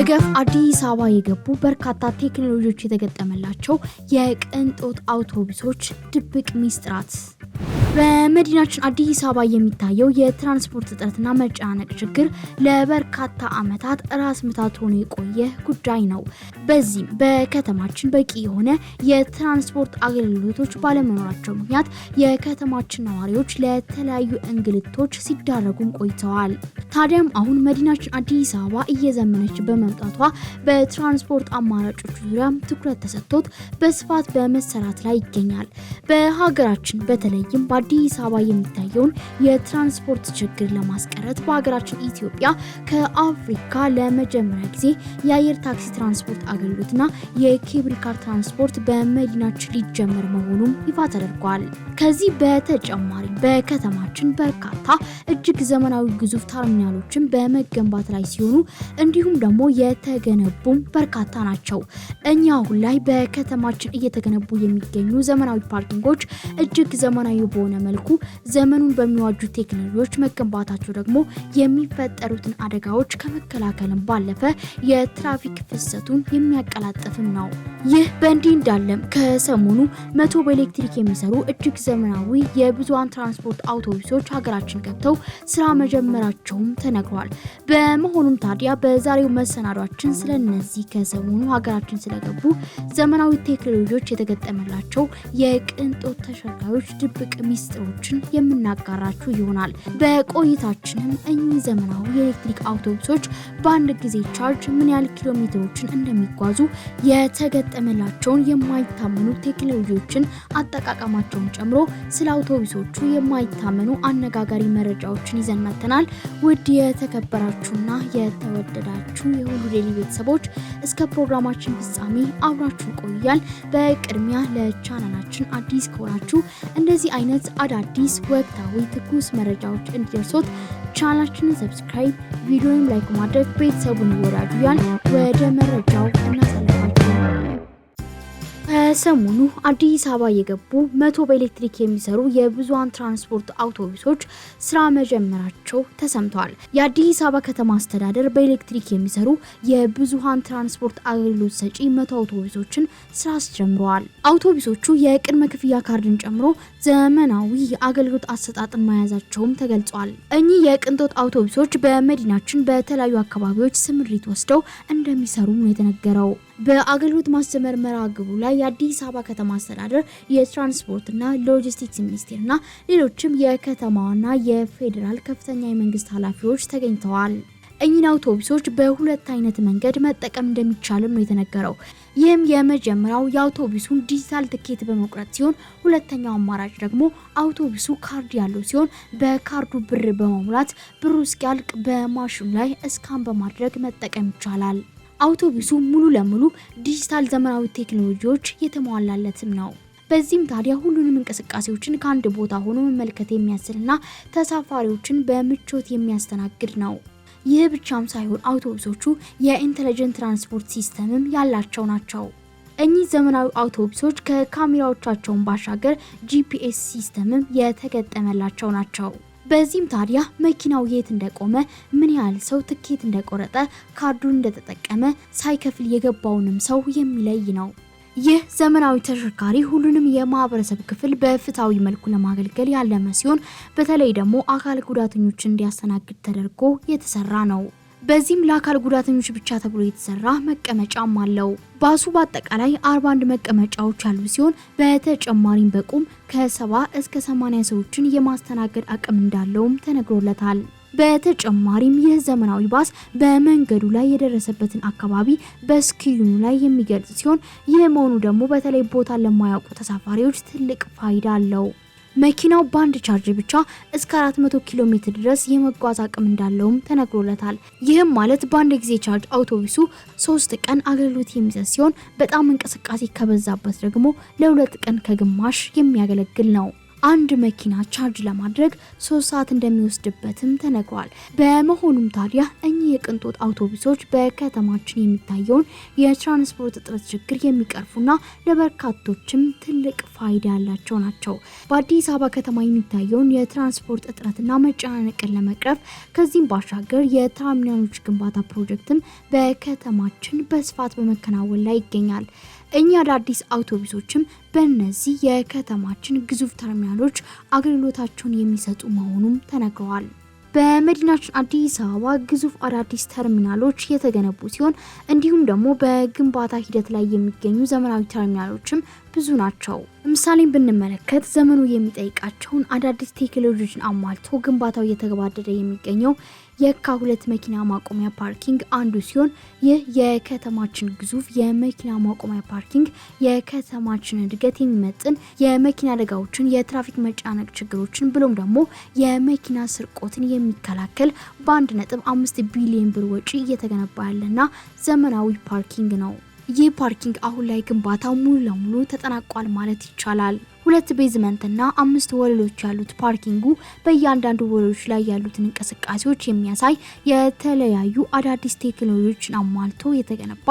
በገፍ አዲስ አበባ የገቡ በርካታ ቴክኖሎጂዎች የተገጠመላቸው የቅንጦት አውቶቡሶች ድብቅ ሚስጥራት በመዲናችን አዲስ አበባ የሚታየው የትራንስፖርት እጥረትና መጨናነቅ ችግር ለበርካታ ዓመታት ራስ ምታት ሆኖ የቆየ ጉዳይ ነው። በዚህም በከተማችን በቂ የሆነ የትራንስፖርት አገልግሎቶች ባለመኖራቸው ምክንያት የከተማችን ነዋሪዎች ለተለያዩ እንግልቶች ሲዳረጉም ቆይተዋል። ታዲያም አሁን መዲናችን አዲስ አበባ እየዘመነች በመምጣቷ በትራንስፖርት አማራጮች ዙሪያም ትኩረት ተሰጥቶት በስፋት በመሰራት ላይ ይገኛል። በሀገራችን በተለይም በአዲስ አበባ የሚታየውን የትራንስፖርት ችግር ለማስቀረት በሀገራችን ኢትዮጵያ ከአፍሪካ ለመጀመሪያ ጊዜ የአየር ታክሲ ትራንስፖርት አገልግሎትና የኬብል ካር ትራንስፖርት በመዲናችን ሊጀመር መሆኑም ይፋ ተደርጓል። ከዚህ በተጨማሪም በከተማችን በርካታ እጅግ ዘመናዊ ግዙፍ ተርሚናሎችን በመገንባት ላይ ሲሆኑ እንዲሁም ደግሞ የተገነቡም በርካታ ናቸው። እኛ አሁን ላይ በከተማችን እየተገነቡ የሚገኙ ዘመናዊ ፓርኪንጎች እጅግ ዘመናዊ በሆነ በሆነ መልኩ ዘመኑን በሚዋጁ ቴክኖሎጂዎች መገንባታቸው ደግሞ የሚፈጠሩትን አደጋዎች ከመከላከልም ባለፈ የትራፊክ ፍሰቱን የሚያቀላጥፍም ነው። ይህ በእንዲህ እንዳለም ከሰሞኑ መቶ በኤሌክትሪክ የሚሰሩ እጅግ ዘመናዊ የብዙሃን ትራንስፖርት አውቶቡሶች ሀገራችን ገብተው ስራ መጀመራቸውም ተነግሯል። በመሆኑም ታዲያ በዛሬው መሰናዷችን ስለነዚህ ከሰሞኑ ሀገራችን ስለገቡ ዘመናዊ ቴክኖሎጂዎች የተገጠመላቸው የቅንጦት ተሽከርካሪዎች ድብቅ ሚስ ሚስጥሮችን የምናጋራችሁ ይሆናል። በቆይታችንም እኚህ ዘመናዊ የኤሌክትሪክ አውቶቡሶች በአንድ ጊዜ ቻርጅ ምን ያህል ኪሎ ሜትሮችን እንደሚጓዙ፣ የተገጠመላቸውን የማይታመኑ ቴክኖሎጂዎችን አጠቃቀማቸውን ጨምሮ ስለ አውቶቡሶቹ የማይታመኑ አነጋጋሪ መረጃዎችን ይዘን መጥተናል። ውድ የተከበራችሁና የተወደዳችሁ የሁሉ ዴይሊ ቤተሰቦች እስከ ፕሮግራማችን ፍጻሜ አብራችሁ ቆያል። በቅድሚያ ለቻናላችን አዲስ ከሆናችሁ እንደዚህ አይነት አዳዲስ ወቅታዊ ትኩስ መረጃዎች እንዲደርሶት ቻናላችንን ሰብስክራይብ፣ ቪዲዮን ላይክ ማድረግ ቤተሰቡን ይወዳጁ። ያን ወደ መረጃው እናሳልፋለን። ከሰሞኑ አዲስ አበባ የገቡ መቶ በኤሌክትሪክ የሚሰሩ የብዙሃን ትራንስፖርት አውቶቡሶች ስራ መጀመራቸው ተሰምተዋል። የአዲስ አበባ ከተማ አስተዳደር በኤሌክትሪክ የሚሰሩ የብዙሃን ትራንስፖርት አገልግሎት ሰጪ መቶ አውቶቡሶችን ስራ አስጀምረዋል። አውቶቡሶቹ የቅድመ ክፍያ ካርድን ጨምሮ ዘመናዊ አገልግሎት አሰጣጥን መያዛቸውም ተገልጿል። እኚህ የቅንጦት አውቶቡሶች በመዲናችን በተለያዩ አካባቢዎች ስምሪት ወስደው እንደሚሰሩ ነው የተነገረው። በአገልግሎት ማስጀመር መርሃ ግብሩ ላይ የአዲስ አበባ ከተማ አስተዳደር የትራንስፖርትና ሎጂስቲክስ ሚኒስቴርና ሌሎችም የከተማዋና የፌዴራል ከፍተኛ የመንግስት ኃላፊዎች ተገኝተዋል። እኚህን አውቶቡሶች በሁለት አይነት መንገድ መጠቀም እንደሚቻልም ነው የተነገረው። ይህም የመጀመሪያው የአውቶቡሱን ዲጂታል ትኬት በመቁረጥ ሲሆን ሁለተኛው አማራጭ ደግሞ አውቶቡሱ ካርድ ያለው ሲሆን በካርዱ ብር በመሙላት ብሩ እስኪያልቅ በማሽኑ ላይ እስካን በማድረግ መጠቀም ይቻላል። አውቶቡሱ ሙሉ ለሙሉ ዲጂታል ዘመናዊ ቴክኖሎጂዎች የተሟላለትም ነው። በዚህም ታዲያ ሁሉንም እንቅስቃሴዎችን ከአንድ ቦታ ሆኖ መመልከት የሚያስችልና ተሳፋሪዎችን በምቾት የሚያስተናግድ ነው። ይህ ብቻም ሳይሆን አውቶቡሶቹ የኢንተለጀንት ትራንስፖርት ሲስተምም ያላቸው ናቸው። እኚህ ዘመናዊ አውቶቡሶች ከካሜራዎቻቸውን ባሻገር ጂፒኤስ ሲስተምም የተገጠመላቸው ናቸው። በዚህም ታዲያ መኪናው የት እንደቆመ፣ ምን ያህል ሰው ትኬት እንደቆረጠ፣ ካርዱን እንደተጠቀመ ሳይከፍል የገባውንም ሰው የሚለይ ነው። ይህ ዘመናዊ ተሽከርካሪ ሁሉንም የማህበረሰብ ክፍል በፍትሐዊ መልኩ ለማገልገል ያለመ ሲሆን በተለይ ደግሞ አካል ጉዳተኞች እንዲያስተናግድ ተደርጎ የተሰራ ነው። በዚህም ለአካል ጉዳተኞች ብቻ ተብሎ የተሰራ መቀመጫም አለው። ባሱ በአጠቃላይ 41 መቀመጫዎች ያሉ ሲሆን በተጨማሪም በቁም ከ70 እስከ 80 ሰዎችን የማስተናገድ አቅም እንዳለውም ተነግሮለታል። በተጨማሪም ይህ ዘመናዊ ባስ በመንገዱ ላይ የደረሰበትን አካባቢ በስክሪኑ ላይ የሚገልጽ ሲሆን ይህ መሆኑ ደግሞ በተለይ ቦታ ለማያውቁ ተሳፋሪዎች ትልቅ ፋይዳ አለው። መኪናው በአንድ ቻርጅ ብቻ እስከ 400 ኪሎ ሜትር ድረስ የመጓዝ አቅም እንዳለውም ተነግሮለታል። ይህም ማለት በአንድ ጊዜ ቻርጅ አውቶቡሱ ሶስት ቀን አገልግሎት የሚሰጥ ሲሆን በጣም እንቅስቃሴ ከበዛበት ደግሞ ለሁለት ቀን ከግማሽ የሚያገለግል ነው። አንድ መኪና ቻርጅ ለማድረግ ሶስት ሰዓት እንደሚወስድበትም ተነግሯል። በመሆኑም ታዲያ እኚህ የቅንጦት አውቶቡሶች በከተማችን የሚታየውን የትራንስፖርት እጥረት ችግር የሚቀርፉና ለበርካቶችም ትልቅ ፋይዳ ያላቸው ናቸው። በአዲስ አበባ ከተማ የሚታየውን የትራንስፖርት እጥረትና መጨናነቅን ለመቅረፍ ከዚህም ባሻገር የተርሚናሎች ግንባታ ፕሮጀክትም በከተማችን በስፋት በመከናወን ላይ ይገኛል። እኛ አዳዲስ አውቶቡሶችም በእነዚህ የከተማችን ግዙፍ ተርሚናሎች አገልግሎታቸውን የሚሰጡ መሆኑም ተነግረዋል። በመዲናችን አዲስ አበባ ግዙፍ አዳዲስ ተርሚናሎች የተገነቡ ሲሆን እንዲሁም ደግሞ በግንባታ ሂደት ላይ የሚገኙ ዘመናዊ ተርሚናሎችም ብዙ ናቸው። ምሳሌም ብንመለከት ዘመኑ የሚጠይቃቸውን አዳዲስ ቴክኖሎጂዎችን አሟልቶ ግንባታው እየተገባደደ የሚገኘው የካ ሁለት መኪና ማቆሚያ ፓርኪንግ አንዱ ሲሆን ይህ የከተማችን ግዙፍ የመኪና ማቆሚያ ፓርኪንግ የከተማችን እድገት የሚመጥን የመኪና አደጋዎችን፣ የትራፊክ መጫነቅ ችግሮችን ብሎም ደግሞ የመኪና ስርቆትን የሚከላከል በአንድ ነጥብ አምስት ቢሊዮን ብር ወጪ እየተገነባ ያለና ዘመናዊ ፓርኪንግ ነው። ይህ ፓርኪንግ አሁን ላይ ግንባታ ሙሉ ለሙሉ ተጠናቋል ማለት ይቻላል። ሁለት ቤዝመንትና አምስት ወለሎች ያሉት ፓርኪንጉ በእያንዳንዱ ወለሎች ላይ ያሉትን እንቅስቃሴዎች የሚያሳይ የተለያዩ አዳዲስ ቴክኖሎጂዎችን አሟልቶ የተገነባ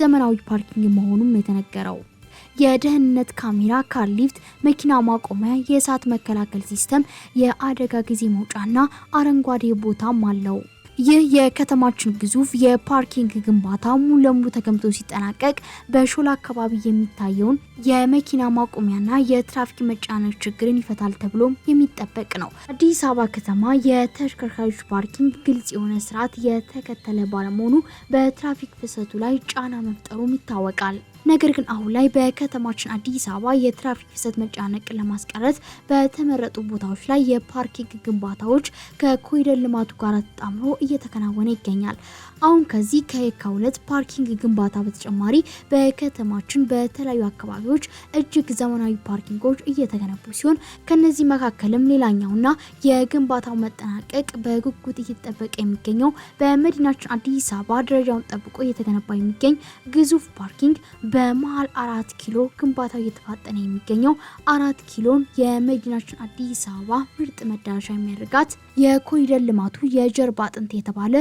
ዘመናዊ ፓርኪንግ መሆኑም የተነገረው የደህንነት ካሜራ፣ ካር ሊፍት፣ መኪና ማቆሚያ፣ የእሳት መከላከል ሲስተም፣ የአደጋ ጊዜ መውጫና አረንጓዴ ቦታም አለው። ይህ የከተማችን ግዙፍ የፓርኪንግ ግንባታ ሙሉ ለሙሉ ተገንብቶ ሲጠናቀቅ በሾላ አካባቢ የሚታየውን የመኪና ማቆሚያና የትራፊክ መጨናነቅ ችግርን ይፈታል ተብሎ የሚጠበቅ ነው። አዲስ አበባ ከተማ የተሽከርካሪዎች ፓርኪንግ ግልጽ የሆነ ስርዓት የተከተለ ባለመሆኑ በትራፊክ ፍሰቱ ላይ ጫና መፍጠሩም ይታወቃል። ነገር ግን አሁን ላይ በከተማችን አዲስ አበባ የትራፊክ ፍሰት መጫነቅ ለማስቀረት በተመረጡ ቦታዎች ላይ የፓርኪንግ ግንባታዎች ከኮሪደር ልማቱ ጋር ተጣምሮ እየተከናወነ ይገኛል። አሁን ከዚህ ከየካ ሁለት ፓርኪንግ ግንባታ በተጨማሪ በከተማችን በተለያዩ አካባቢዎች እጅግ ዘመናዊ ፓርኪንጎች እየተገነቡ ሲሆን ከነዚህ መካከልም ሌላኛውና የግንባታው መጠናቀቅ በጉጉት እየተጠበቀ የሚገኘው በመዲናችን አዲስ አበባ ደረጃውን ጠብቆ እየተገነባ የሚገኝ ግዙፍ ፓርኪንግ በመሀል አራት ኪሎ ግንባታው እየተፋጠነ የሚገኘው አራት ኪሎን የመዲናችን አዲስ አበባ ምርጥ መዳረሻ የሚያደርጋት የኮሪደር ልማቱ የጀርባ አጥንት የተባለ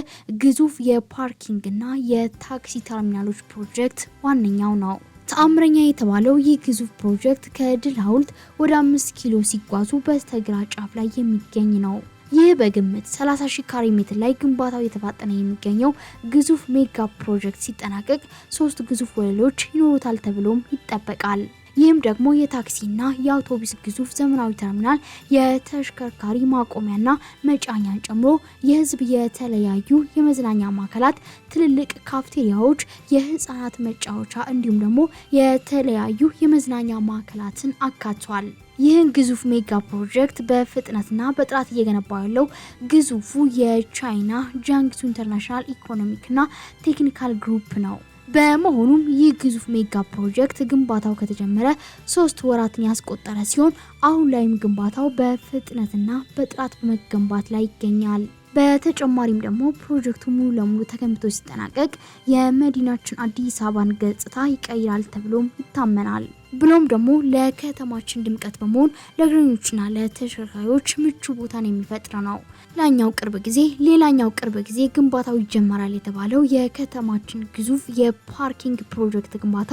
ግዙፍ የፓርኪንግና የታክሲ ተርሚናሎች ፕሮጀክት ዋነኛው ነው። ተአምረኛ የተባለው ይህ ግዙፍ ፕሮጀክት ከድል ሐውልት ወደ አምስት ኪሎ ሲጓዙ በስተግራ ጫፍ ላይ የሚገኝ ነው። ይህ በግምት 30 ሺህ ካሬ ሜትር ላይ ግንባታው እየተፋጠነ የሚገኘው ግዙፍ ሜጋ ፕሮጀክት ሲጠናቀቅ ሶስት ግዙፍ ወለሎች ይኖሩታል ተብሎም ይጠበቃል። ይህም ደግሞ የታክሲና የአውቶቡስ ግዙፍ ዘመናዊ ተርሚናል የተሽከርካሪ ማቆሚያና መጫኛን ጨምሮ የህዝብ የተለያዩ የመዝናኛ ማዕከላት፣ ትልልቅ ካፍቴሪያዎች፣ የህፃናት መጫወቻ እንዲሁም ደግሞ የተለያዩ የመዝናኛ ማዕከላትን አካቷል። ይህን ግዙፍ ሜጋ ፕሮጀክት በፍጥነትና በጥራት እየገነባ ያለው ግዙፉ የቻይና ጃንግሱ ኢንተርናሽናል ኢኮኖሚክና ቴክኒካል ግሩፕ ነው። በመሆኑም ይህ ግዙፍ ሜጋ ፕሮጀክት ግንባታው ከተጀመረ ሶስት ወራትን ያስቆጠረ ሲሆን አሁን ላይም ግንባታው በፍጥነትና በጥራት በመገንባት ላይ ይገኛል። በተጨማሪም ደግሞ ፕሮጀክቱ ሙሉ ለሙሉ ተገንብቶ ሲጠናቀቅ የመዲናችን አዲስ አበባን ገጽታ ይቀይራል ተብሎም ይታመናል። ብሎም ደግሞ ለከተማችን ድምቀት በመሆን ለእግረኞችና ለተሽከርካሪዎች ምቹ ቦታን የሚፈጥር ነው። ላኛው ቅርብ ጊዜ ሌላኛው ቅርብ ጊዜ ግንባታው ይጀመራል የተባለው የከተማችን ግዙፍ የፓርኪንግ ፕሮጀክት ግንባታ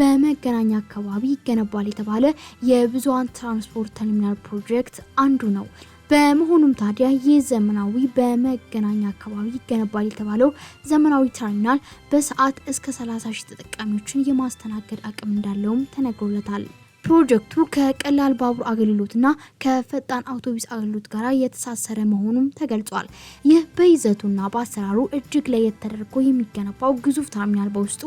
በመገናኛ አካባቢ ይገነባል የተባለ የብዙሃን ትራንስፖርት ተርሚናል ፕሮጀክት አንዱ ነው። በመሆኑም ታዲያ ይህ ዘመናዊ በመገናኛ አካባቢ ይገነባል የተባለው ዘመናዊ ተርሚናል በሰዓት እስከ 30 ሺህ ተጠቃሚዎችን የማስተናገድ አቅም እንዳለውም ተነግሮለታል። ፕሮጀክቱ ከቀላል ባቡር አገልግሎትና ከፈጣን አውቶቡስ አገልግሎት ጋር የተሳሰረ መሆኑም ተገልጿል። ይህ በይዘቱና በአሰራሩ እጅግ ለየት ተደርጎ የሚገነባው ግዙፍ ተርሚናል በውስጡ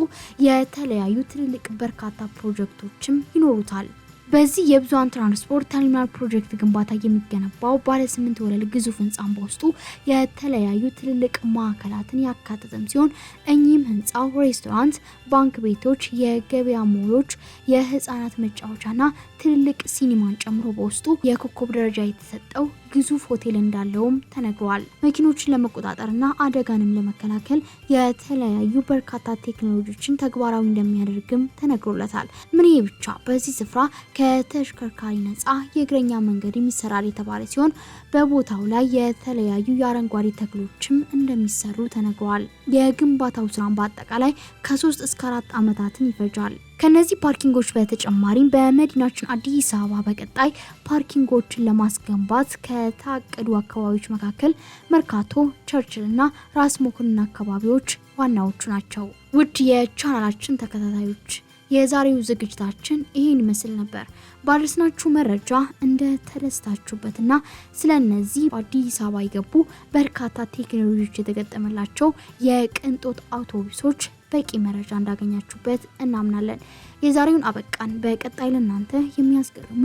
የተለያዩ ትልልቅ በርካታ ፕሮጀክቶችም ይኖሩታል። በዚህ የብዙሃን ትራንስፖርት ተርሚናል ፕሮጀክት ግንባታ የሚገነባው ባለ ስምንት ወለል ግዙፍ ህንፃን በውስጡ የተለያዩ ትልልቅ ማዕከላትን ያካተተም ሲሆን እኚህም ህንፃ ሬስቶራንት፣ ባንክ ቤቶች፣ የገበያ ሞሎች፣ የህፃናት መጫወቻና ትልልቅ ሲኒማን ጨምሮ በውስጡ የኮከብ ደረጃ የተሰጠው ግዙፍ ሆቴል እንዳለውም ተነግሯል። መኪኖችን ለመቆጣጠርና አደጋንም ለመከላከል የተለያዩ በርካታ ቴክኖሎጂዎችን ተግባራዊ እንደሚያደርግም ተነግሮለታል። ምን ብቻ በዚህ ስፍራ ከተሽከርካሪ ነጻ የእግረኛ መንገድ ይሰራል የተባለ ሲሆን በቦታው ላይ የተለያዩ የአረንጓዴ ተክሎችም እንደሚሰሩ ተነግሯል። የግንባታው ስራም በአጠቃላይ ከሶስት እስከ አራት ዓመታትን ይፈጃል። ከነዚህ ፓርኪንጎች በተጨማሪም በመዲናችን አዲስ አበባ በቀጣይ ፓርኪንጎችን ለማስገንባት ከታቀዱ አካባቢዎች መካከል መርካቶ፣ ቸርችል እና ራስ መኮንን አካባቢዎች ዋናዎቹ ናቸው። ውድ የቻናላችን ተከታታዮች የዛሬው ዝግጅታችን ይህን ይመስል ነበር። ባደረስናችሁ መረጃ እንደ ተደስታችሁበትና ስለ እነዚህ አዲስ አበባ የገቡ በርካታ ቴክኖሎጂዎች የተገጠመላቸው የቅንጦት አውቶቡሶች በቂ መረጃ እንዳገኛችሁበት እናምናለን። የዛሬውን አበቃን። በቀጣይ ለእናንተ የሚያስገርሙ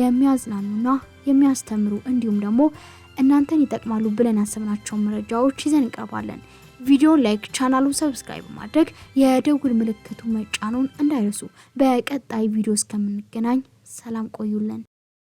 የሚያዝናኑና የሚያስተምሩ እንዲሁም ደግሞ እናንተን ይጠቅማሉ ብለን ያሰብናቸውን መረጃዎች ይዘን እንቀርባለን። ቪዲዮ ላይክ፣ ቻናሉን ሰብስክራይብ በማድረግ የደውል ምልክቱ መጫኑን እንዳይረሱ። በቀጣይ ቪዲዮ እስከምንገናኝ ሰላም ቆዩልን።